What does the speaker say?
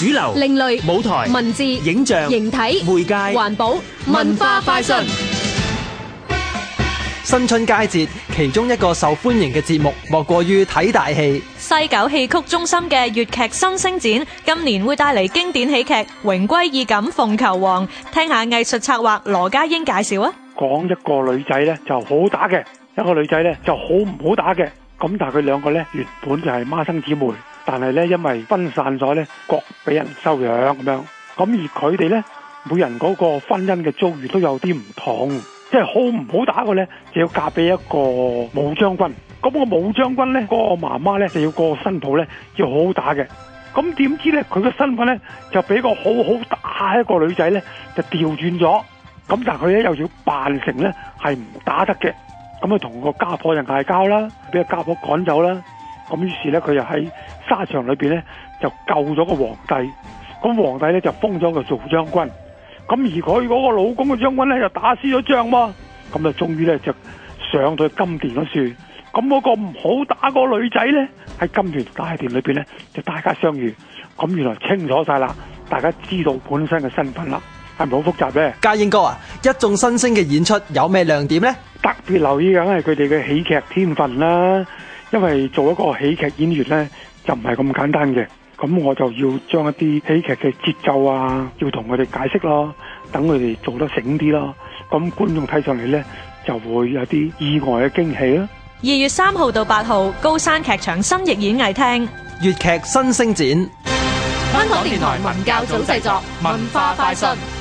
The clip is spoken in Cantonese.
主流、另類舞台、文字、影像、形體、媒介、環保、文化快訊。新春佳節，其中一個受歡迎嘅節目，莫過於睇大戲。西九戲曲中心嘅粵劇新星展，今年會帶嚟經典喜劇《榮歸義感鳳求凰》，聽下藝術策劃羅家英介紹啊。講一個女仔咧就好打嘅，一個女仔咧就好唔好打嘅，咁但係佢兩個咧原本就係孖生姊妹。但係咧，因為分散咗咧，各俾人收養咁樣。咁而佢哋咧，每人嗰個婚姻嘅遭遇都有啲唔同，即係好唔好打嘅咧，就要嫁俾一個武將軍。咁個武將軍咧，嗰個媽媽咧就要個新抱咧要好好打嘅。咁點知咧，佢個身份咧就俾個好好打一個女仔咧，就調轉咗。咁但係佢咧又要扮成咧係唔打得嘅。咁啊同個家婆人嗌交啦，俾個家婆趕走啦。咁於是咧佢又喺。沙場裏邊咧就救咗個皇帝，咁皇帝咧就封咗佢做將軍，咁而佢嗰個老公嘅將軍咧就打輸咗仗嘛，咁就終於咧就上到金殿嗰處，咁、那、嗰個唔好打嗰個女仔咧喺金殿大殿裏邊咧就大家相遇，咁原來清楚晒啦，大家知道本身嘅身份啦，係咪好複雜咧？家英哥啊，一眾新星嘅演出有咩亮點咧？特別留意梗係佢哋嘅喜劇天分啦，因為做了一個喜劇演員咧。就唔係咁簡單嘅，咁我就要將一啲喜劇嘅節奏啊，要同佢哋解釋咯，等佢哋做得醒啲咯，咁觀眾睇上嚟呢就會有啲意外嘅驚喜啦。二月三號到八號，高山劇場新翼演藝廳粵劇新星展，香港電台文教組製作文化快訊。